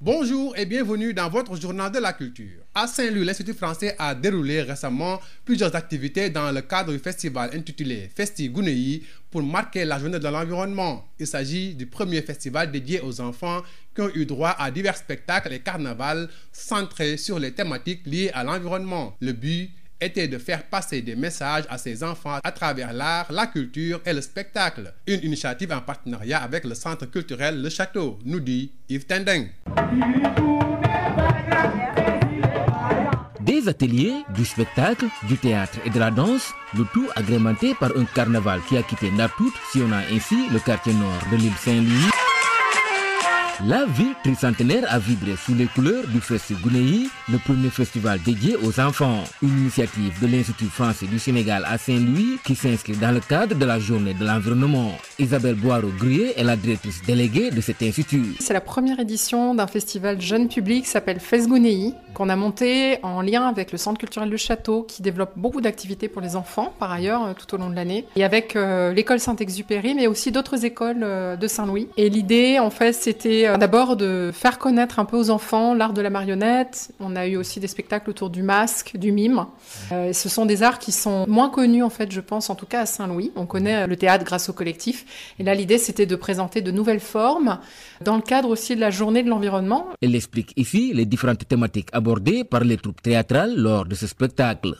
Bonjour et bienvenue dans votre journal de la culture. À Saint-Louis, l'Institut français a déroulé récemment plusieurs activités dans le cadre du festival intitulé Festi Gouneyi pour marquer la journée de l'environnement. Il s'agit du premier festival dédié aux enfants qui ont eu droit à divers spectacles et carnavals centrés sur les thématiques liées à l'environnement. Le but était de faire passer des messages à ses enfants à travers l'art, la culture et le spectacle. Une initiative en partenariat avec le Centre culturel Le Château, nous dit Yves Tendeng. Des ateliers, du spectacle, du théâtre et de la danse, le tout agrémenté par un carnaval qui a quitté Nartout, sillonnant ainsi le quartier nord de l'île Saint-Louis. La ville tricentenaire a vibré sous les couleurs du Festi Gounéi, le premier festival dédié aux enfants. Une initiative de l'Institut français du Sénégal à Saint-Louis qui s'inscrit dans le cadre de la journée de l'environnement. Isabelle Boireau-Gruyer est la directrice déléguée de cet institut. C'est la première édition d'un festival jeune public s'appelle Fest Gounéi, qu'on a monté en lien avec le Centre culturel du Château qui développe beaucoup d'activités euh, d'abord de faire connaître un peu aux enfants l'art de la marionnette. On a eu aussi des spectacles autour du masque, du mime. Euh, ce sont des arts qui sont moins connus en fait, je pense, en tout cas à Saint-Louis. On connaît euh, le théâtre grâce au collectif. Et là, l'idée, c'était de présenter de nouvelles formes dans le cadre de la journée de l'environnement. Elle explique ici les différentes thématiques abordées par les troupes théâtrales lors de ce spectacle.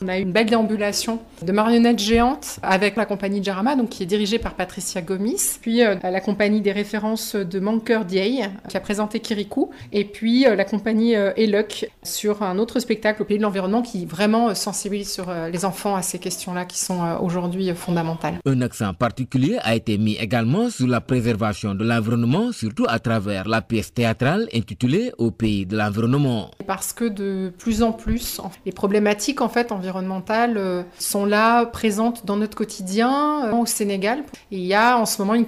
qui a présenté Kirikou, et puis euh, la compagnie euh, Eluc sur un autre spectacle au Pays de l'Environnement qui euh, sensibilise sur les enfants à ces questions-là qui sont aujourd'hui fondamentales. Un accent particulier a été mis également sur la préservation de l'environnement, surtout à travers la pièce théâtrale intitulée Au Pays de l'Environnement. Parce que de plus en plus, les problématiques en fait environnementales sont là, présentes dans notre quotidien au Sénégal. il y a en ce moment une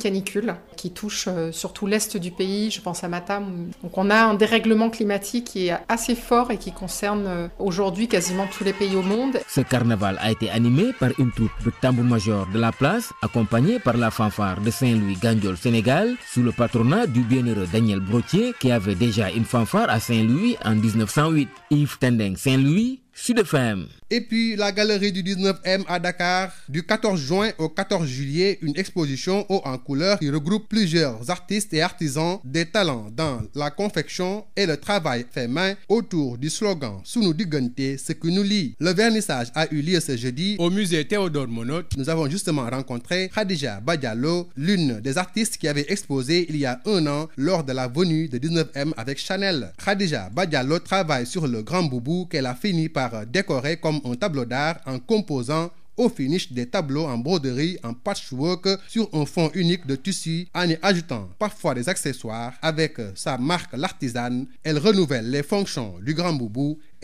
qui touche euh, surtout l'est du pays, je pense à Matam. Donc on a un dérèglement climatique qui est assez fort et qui concerne euh, aujourd'hui quasiment tous les pays au monde. Ce carnaval a été animé par une troupe de tambour-major de la place, accompagnée par la fanfare de Saint-Louis Gandiol Sénégal, sous le patronat du bienheureux Daniel Brotier, qui avait déjà une fanfare à Saint-Louis en Yves Et puis la galerie du 19e à Dakar, du juin au 14 juillet, une exposition haut en couleur qui regroupe plusieurs artistes et artisans des talents dans la confection et le travail fait autour du slogan Sunu Diggante ce qui nous lie. Le vernissage a eu lieu ce jeudi au musée Théodore Monod. Nous avons justement rencontré Khadija Badialo, l'une des artistes qui avait exposé il y a un an lors de la venue de 19e avec Chanel. Khadija Badialo travaille sur le grand boubou qu'elle a fini par décorer comme un tableau d'art en composant au finish des tableaux en broderie en patchwork sur un fond unique de tissu en y ajoutant parfois des accessoires. Avec sa marque l'artisane, elle renouvelle les fonctions du grand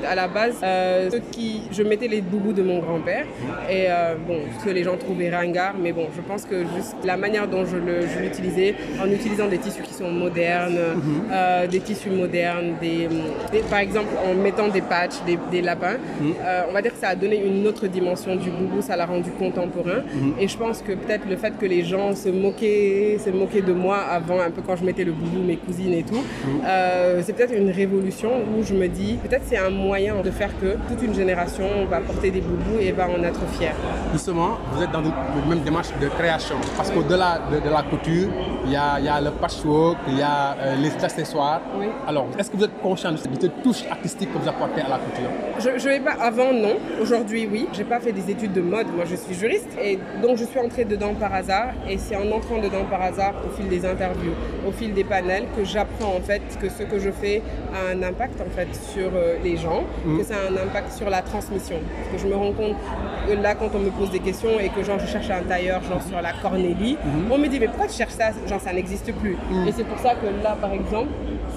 fait, à la base, euh, ceux qui, je mettais les boubous de mon grand-père. Et euh, bon, ce que les gens trouvaient ringard, mais bon, je pense que juste la manière dont je l'utilisais, en utilisant des tissus qui sont modernes, mmh. euh, des tissus modernes, des, des, par exemple en mettant des patchs, des, des lapins, mmh. on va dire que ça a donné une autre dimension du boubou, ça l'a rendu contemporain. Mmh. Et je pense que peut-être le fait que les gens se moquaient, se moquaient de moi avant, un peu quand je mettais le boubou, mes cousines et tout, mhm. euh, c'est peut-être une révolution où je me dis, peut-être c'est un moyen moyen de faire que toute une génération va porter des boubous et va en être fière. Justement, vous êtes dans une même démarche de création, parce qu'au-delà de, de, la couture, il y a, y a, le patchwork, il y a euh, les accessoires. Oui. Alors, est-ce que vous êtes conscient de cette touche artistique que vous apportez à la couture Je, je vais pas avant, non. Aujourd'hui, oui. J'ai pas fait des études de mode, moi je suis juriste, et donc je suis entrée dedans par hasard, et c'est en entrant dedans par hasard, au fil des interviews, au fil des panels, que j'apprends en fait que ce que je fais a un impact en fait sur euh, les gens gens, mmh. que ça a un impact sur la transmission. Parce que je me rends compte que là, quand on me pose des questions et que genre je cherche un tailleur, genre sur la Cornélie, mmh. on me dit mais pourquoi tu cherches ça Genre ça n'existe plus. Mmh. Et c'est pour ça que là, par exemple,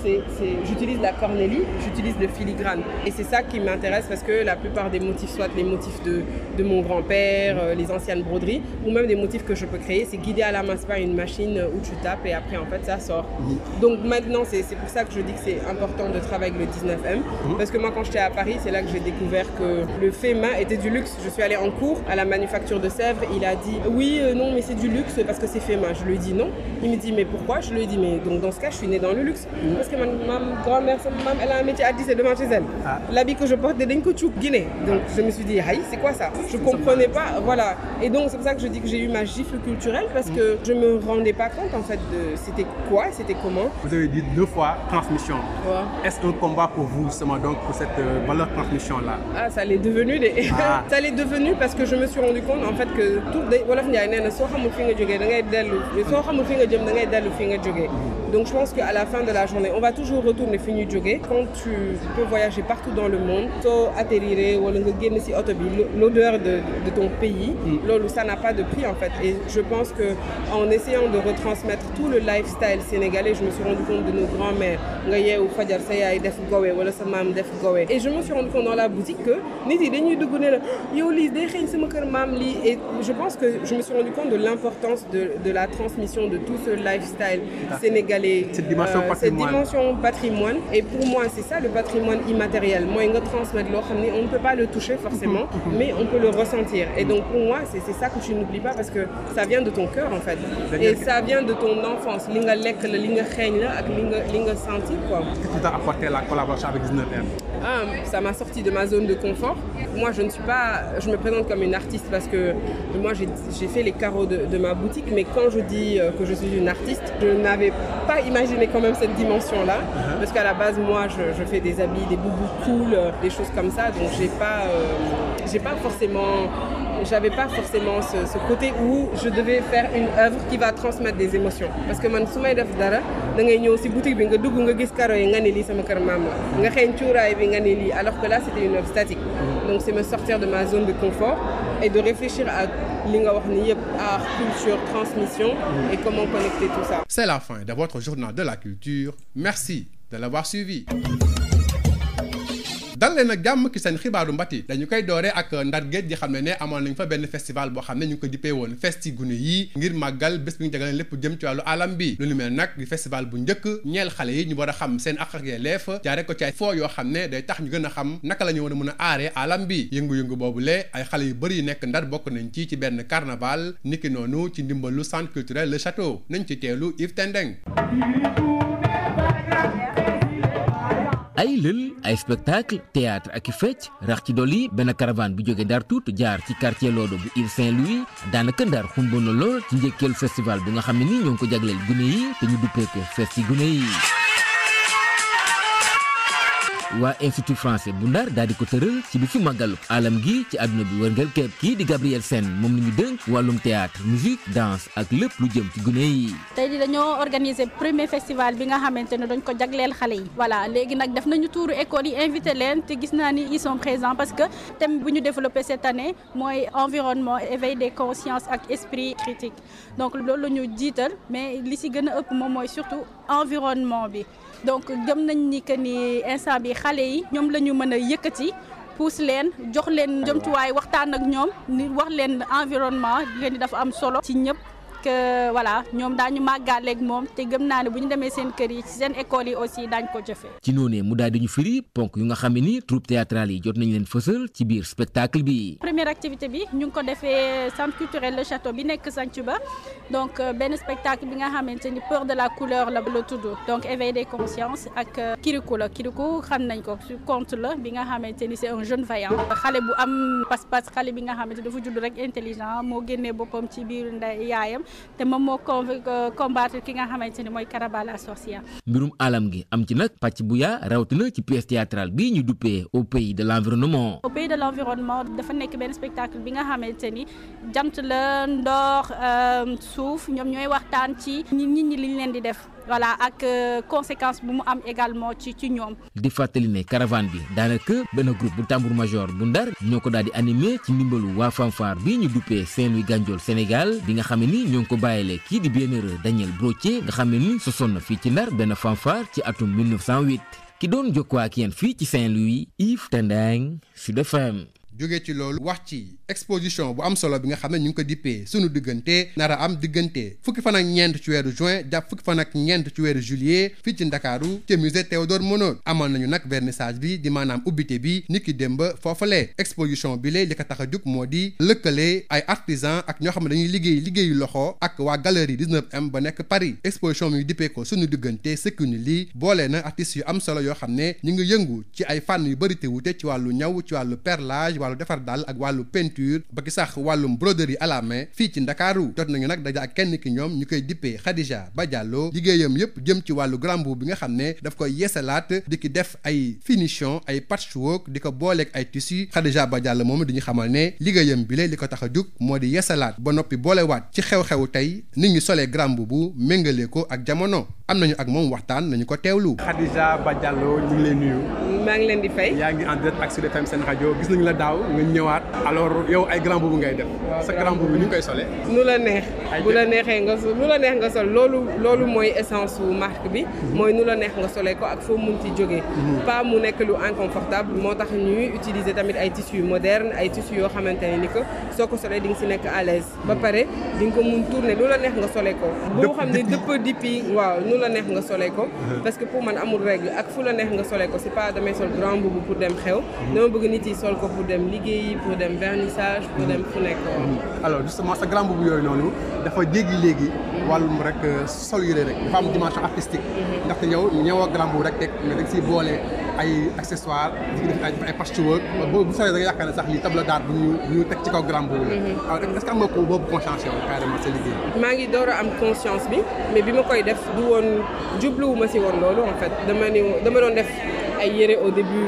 c'est, j'utilise la Cornélie, j'utilise le filigrane. Et c'est ça qui m'intéresse parce que la plupart des motifs, soit les motifs de, de mon grand-père, euh, les anciennes broderies, ou même des motifs que je peux créer, c'est guidé à la main, par une machine euh, où tu tapes et après en fait ça sort. Mm-hmm. Donc maintenant, c'est, pour ça que je dis que c'est important de travailler avec le 19M. Mm-hmm. Parce que moi, quand quand j'étais à Paris, c'est là que j'ai découvert que le fait main était du luxe. Je suis allée en cours à la manufacture de Sèvres. Il a dit oui, euh, non, mais c'est du luxe parce que c'est fait main. Je lui ai dit non. Il me dit mais pourquoi Je lui ai dit mais donc dans ce cas, je suis née dans le luxe. Parce que ma, ma grand-mère, elle a un métier à 10 et demain chez elle. Ah. L'habit que je porte est d'Enkochuk, Guinée. Donc je me suis dit, aïe, c'est quoi ça Je comprenais pas. Voilà. Et donc c'est pour ça que je dis que j'ai eu ma gifle culturelle parce mm. que je me rendais pas compte en fait de c'était quoi, c'était comment. Vous avez dit deux fois transmission. Ouais. Est-ce un combat pour vous justement donc pour cette cette euh, valeur transmission-là Ah, ça l'est devenu des... ah. ça l'est devenu parce que je me suis rendu compte en fait que tout des wolof Njaay nee na soo xamul fi nga jógee da ngay dellu soo xamul fi nga jëm da ngay dellu fi nga jógee Donc je pense qu'à la fin de la journée, on va toujours retourner finir jogger. Quand tu peux voyager partout dans le monde, soo atterriré wala nga génn ci oto bi l'odeur de, de ton pays. Mm. loolu ça n'a pas de prix en fait. Et je pense que en essayant de retransmettre tout le lifestyle sénégalais, je me suis rendu compte de nos grands-mères nga yeewu fajar sa yaay def gowe wala sa maam def gowe. Et je me suis rendu compte dans la boutique que nit yi dañuy dugg ne la yow lii day xëy sama kër maam lii et je pense que je me suis rendu compte de l'importance de de la transmission de tout ce lifestyle sénégalais. les cette dimension, euh, patrimoine. cette dimension patrimoine et pour moi c'est ça le patrimoine immatériel mooy nga transmettre loo xam ne on ne peut pas le toucher forcément mhm. mais on peut le ressentir et donc pour moi c'est c'est ça que tu n'oublies pas parce que ça vient de ton cœur en fait et ça vient de ton enfance li nga lekk la li nga xeeñ la ak li nga li nga senti quoi. Qu'est-ce qui t'a apporté la collaboration avec 19M? Ah, ça m'a sorti de ma zone de confort. Moi, je ne suis pas, je me présente comme une artiste parce que moi j'ai fait les carreaux de, de ma boutique mais quand je dis euh, que je suis une artiste, je n'avais pas pas imaginé quand même cette dimension-là. Uh -huh. Parce qu'à la base, moi, je, je, fais des habits, des boubous cool, euh, des choses comme ça. Donc, j'ai pas, euh, j'ai pas forcément j'avais pas forcément ce, ce, côté où je devais faire une œuvre qui va transmettre des émotions parce que man su may def dara da ngay ñëw si boutique bi nga dugg nga gis karo yi nga ne lii sama kër maam la nga xeeñ cuuraay bi nga ne lii alors que là c'était une œuvre statique uh-huh. donc c'est me sortir de ma zone de confort et de réfléchir à li nga wax ni yëpp art culture transmission mm. et comment connecter tout ça. C'est la fin de votre journal de la culture merci de l'avoir suivi. dal leen nag jàmm ki seen xibaaru mbat yi dañu koy dooree ak ndar géej gi xam ne ne amoon nañ fa benn festival boo xam ne ñu ngi ko dippee woon festi gune yii ngir màggal bés bi ñu jagal lépp jëm ci wàllu alam bi lu ñu mel di festival bu njëkk ñeel xale yi ñu war a xam seen ak ak yelleef jaare ko ci ay foo yoo xam ne day tax ñu gën a xam naka lañu ñu war a mën a aaree alam bi yëngu-yëngu boobu lee ay xale yu bëri yu nekk ndar bokk nañ ci ci benn carnaval n noonu ci ndimbalu centre culturel le château nañ ci teelu Yves ay lël ay spectacle théâtre ak i fecc rax ci dolli benn caravane bu jóge Ndar tuut jaar ci quartier Lodo bu Île Saint-Louis daanaka Ndar xumboon na lool ci njëkkeelu festival bu nga xam ne ni ñoo ko jagleel gune yi te ñu duppee ko festi gune yi waa institut français bu ndar daal di ko tëral ci bi fi màggalu alam gi ci àdduna bi wërngal képp kii di Gabriel Sène moom la ñu dënk wàllum théâtre musique danse ak lépp lu jëm ci gune yi. tey jii dañoo organiser premier festival bi nga xamante ne dañ ko jagleel xale yi. voilà léegi nag def nañu tuuru école yi invité leen te gis naa ni ils sont parce que thème bu ñu développé cette année mooy environnement éveil des consciences ak esprit critique donc loolu la ñu jiital mais li si gën a ëpp moom mooy surtout environnement bi. donc gëm nañ ni que ni instant bi xale yi ñoom la ñu mën a yëkkati puus leen jox leen njëmtuwaay waxtaan ak ñoom ni wax leen environnement jigéen ñi dafa am solo ci ñëpp. que voilà ñoom daañu màggaleeg moom te gëm naa ne bu ñu demee seen kër yi ci seen école yi aussi daañ ko jëfee. ci noonee mu daal di ñu firi ponk yu nga xam ne ni troupe théâtrale yi jot nañ leen fësal ci biir spectacle bi. première activité bi ñu ngi ko defee centre culturel le château bi nekk Santhiouba donc euh, benn spectacle bi nga xamante ni peur de la couleur la la tudd donc éveil des consciences ak euh, Kirikou la Kirikou xam nañ ko su conte la bi nga xamante ni c'est un jeune vaillant xale bu am pas-pas xale bi nga xamante dafa judd rek intelligent moo génnee boppam ci biir ndey yaayam te moom moo euh, combattre ki nga xamante ni mooy Cannibale la sorcière. mbirum alam gi am ci nag pàcc bu yaa rawatina ci pièce théâtrale bii ñu duppee au pays de l' environnement. au pays de l' dafa nekk benn spectacle bi nga xamante ni jant la ndox euh, suuf ñoom ñooy waxtaan ci nit ñi li ñu leen di def. voilà ak euh, conséquence bu mu am également ci ci ñoom. di fàttali ne caravane bi daanaka benn groupe bu tambour major bu ndar ñoo ko daal di animé ci ndimbalu waa fanfare bi ñu duppee Saint-Louis Gandiol Sénégal bi nga xam ne ni ñoo ngi ko bàyyile kii di bienheureux Daniel Brottier nga xam ne ni sosoon na fii ci ndar benn fanfare ci atum 1908 ki doon jokkoo ak yéen fii ci Saint-Louis Yves Tendang Sud FM. jóge ci loolu wax ci exposition bu am solo bi nga xam ne ñu ngi ko dippee sunu diggante nara am diggante fukki fan ñeent ci weeru juin jàpp fukki fan ñeent ci weeru juillet fii ci ndakaaru ca musée Théodore Monod amoon nañu nag vernissage bi di maanaam ubbite bi ni ki démba foofalee exposition bi lay li ko tax a jóg moo di lëkkale ay artisan ak ñoo xam ne dañuy liggéey liggéeyu loxo ak waa galerie 19M ba nekk Paris exposition mi dippee ko sunu diggante sekkuni lii boole na artistes yu am solo yoo xam ne ñu ngi yëngu ci ay fànn yu bëri te ci wàllu ñaw ci wàllu perlage wàllu defar daal ak wàllu peinture ba ki sax wàllum broderie à la main fii ci ndakaaru jot nañu nag daja ak kenn ki ñoom ñu koy dippee Khadija Ba Diallo liggéeyam yëpp jëm ci wàllu grand boubou bi nga xam ne daf koy yeesalaat di ki def ay finition ay patchwork di ko booleeg ay tissu Khadija Ba Diallo moom di ñu xamal ne liggéeyam bile li ko tax a jug moo di yeesalaat ba noppi boolewaat ci xew xew tey nit ñi solee grand boubou méngale ko ak jamono am nañu ak moom waxtaan nañu ko teewlu. Khadija Ba Diallo ginnaaw nga ñëwaat alors yow ay grand boobu ngay def sa grand boobu bu la neexee nga sol nu la neex nga sol loolu mooy essence wu marque bi mhm. mooy nu la neex nga solee ko ak foo mun ci jógee mhm. pas mu nekk lu inconfortable moo tax ñuy utiliser tamit ay tissus moderne ay tissus yoo xamante ne ni que soo ko solee di nga si nekk à mhm. ba pare di nga ko mun tourner lu la neex nga sole ko bu xam ne dëpp dipi waaw nu la neex nga solee ko parce que pour man amul règle ak fu la neex nga solee ko c'est pas damay sol grand boobu pour dem xew dem liggéeyi pour dem vernissage pour dem fu nekk mhm. alors justement sa grand boobu yooyu noonu dafa jéggi léegi wàllum rek euh, sol yére rek dafa am dimension artistique mhm. ndaxte yow ñëwoo grand boobu rek teg mais rek si boole ay accessoire di def ay ay patchwork boo bu soree da nga yaakaar ne sax lii tableau d'art bu ñu ñu teg ci kaw grand boobu la mhm. alors est-ce que am nga ko boobu conscience yow carrément sa liggéey maa ngi door a am conscience bi mais bi ma koy def du woon jubluwu ma si woon loolu en fait dama ni dama doon def ay yére au début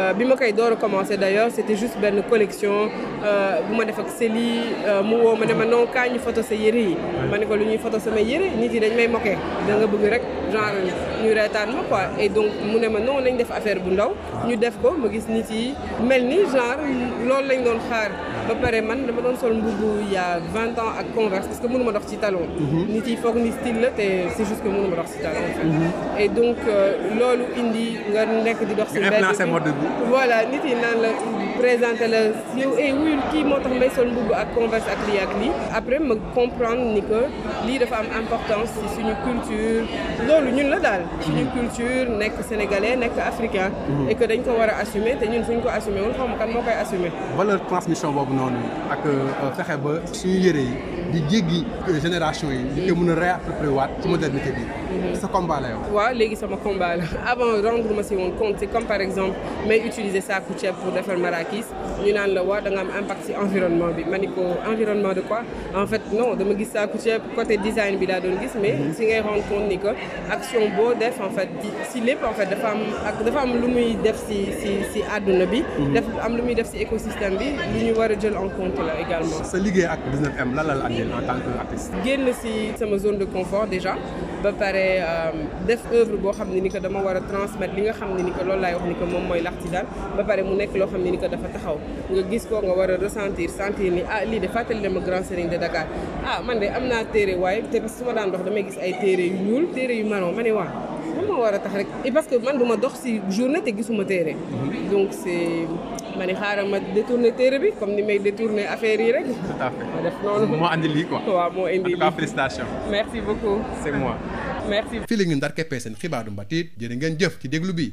Euh, bi ma koy door a commencé d' ailleurs c' était juste benn collection euh, bu ma def ak Célie euh, mu woo ma ne ma non kaa ñu photo sa yére yi. ma ne ko lu ñuy photo sama yére nit yi dañ may moqué da nga bëgg rek genre ñu reetaan ma quoi et donc mu ne ma non nañ def affaire bu ndaw. ñu def ko ma gis nit yi mel ni genre loolu lañ doon xaar ba pare man dama doon sol mbubu il y a vingt ans ak Converse parce que mënu ma dox ci talon. Mhm. nit yi foog ni style la te c' est juste que mënu ma dox ci talon. Mhm. et donc loolu indi nga nekk di dox. ci voilà nit yi naan la présenté la yow ay eh, wuyul kii moo tax may sol mbubb ak converse ak lii ak lii après ma comprendre ni que lii dafa am importance ci suñu culture loolu ñun la daal suñu culture nekk sénégalais nekk africain mhm. et dañ ko war a assumer te ñun suñ ko assumer wul xaw ma kan moo koy assumer valeur transmission boobu noonu ak euh, fexe ba suñu yére yi di jéggi génération yi. di ko mun a réapproprier waat ci modernité bi. Mhm. sa combat la yow. waaw léegi sama combat la avant rendre ma si woon compte c'est comme par exemple may utiliser saaku ceeb pour defar marakis ñu naan la waa danga am impact si environnement bi ma ni ko environnement de quoi en fait non dama gis saaku ceeb côté design bi laa doon gis mais mhm. si ngay rendre ni que action boo def en fait si lépp en fait dafa am ak dafa am lu muy def si si si àdduna bi. Mhm. dafa am lu muy def si écosystème bi lu ñu war a jël en compte la également. sa liggéey ak 19M la la yéen en tant que artiste. génn si sama zone de confort déjà ba pare euh, def œuvre boo xam ne ni ko dama war a transmettre li nga xam ne ni que loolu laay wax ni que moom mooy l'artisanat ba pare mu nekk loo xam ne ni que dafa taxaw nga gis ko nga war a ressentir sentir ni ah lii de fàttali dama grand serigne de Dakar ah man de am naa téere waaye te parce que su ma daan dox damay gis ay téere yu ñuul téere yu marron ma ne waa man ma war a tax rek et parce que man duma dox si journée te gisuma téere mhm. donc c'est ma ni xaaral ma détourné téere bi comme ni may détourné affaire yi rek. tout à fait ma moo andi lii waaw moo indi lii en tout fii la ñu ndar keppee seen xibaaru mbatiit jërë ngeen jëf ci déglu bi.